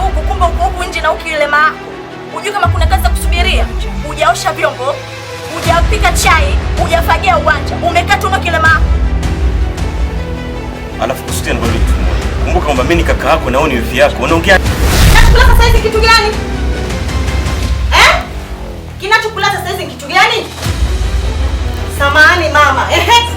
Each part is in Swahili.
huku, kumbe uko huku nje na ukiilema. Hujui kama kuna kazi za kusubiria? Hujaosha vyombo, hujapika chai, hujafagia uwanja, umekaa tu kilema. Alafu kusudia ndio kitu kimoja. Kumbuka kwamba mimi ni kaka yako na wewe ni wifi yako. Unaongea kinachokuleta sasa kitu gani? Eh? Kinachokuleta sasa kitu gani? Samahani mama. Ehe.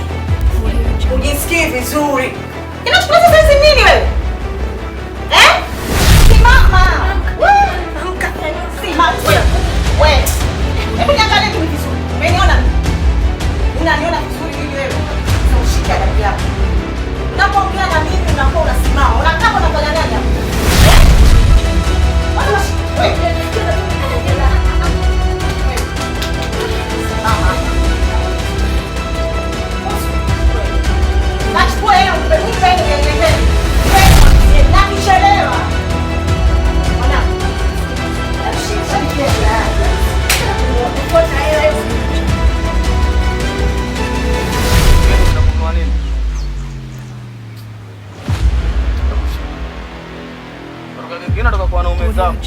zangu.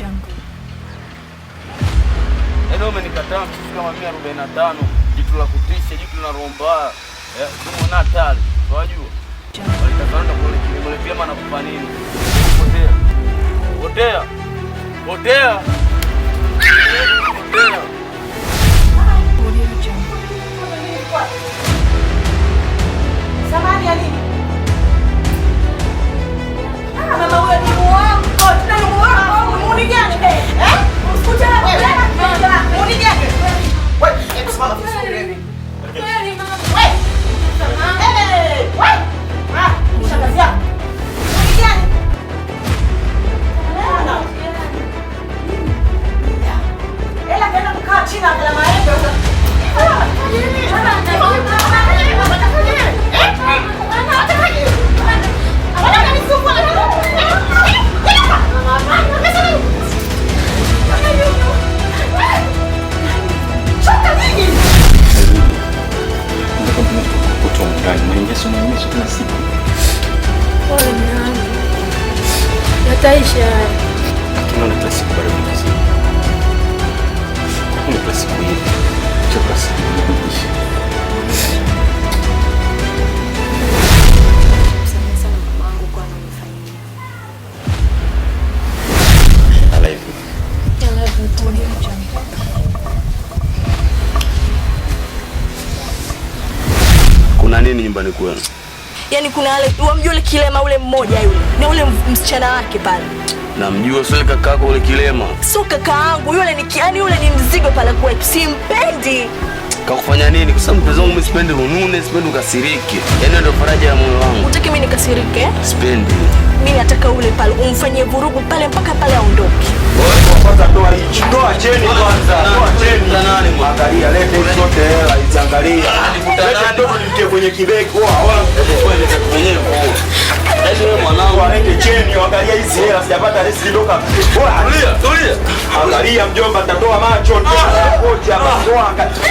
Yaani umenikataa msifika mamia arobaini na tano, jitu la kutisha, jitu la romba. Eh, unaona hatari. Unajua? Walitakana kule kule vyema Potea. Potea. Potea. Yataisha. Tunaona kila siku bado. nini nyumbani kwenu? Yaani kuna wale wamjua ule kilema ule mmoja yule Ni ule msichana wake pale. Namjua sio kaka yako ule kilema. Sio kaka yangu yule ni yani yule ni mzigo pale kwetu. Simpendi. Kakufanya nini? Kwa sababu mpenzi wangu mimi sipendi unune, sipendi ukasirike. Yaani ndio faraja ya moyo wangu. Unataka mimi nikasirike? Sipendi. Mimi nataka ule pale umfanyie vurugu pale mpaka pale aondoke. Wewe kwa kwanza toa hicho. Toa cheni kwanza. Toa cheni. Na nani mwangalia? lete hizo hela, iangalia kwenye kibeko yaani mwanangu, cheni, hizi hela sijapata angalia mjomba, nitatoa macho ah! kocha ah!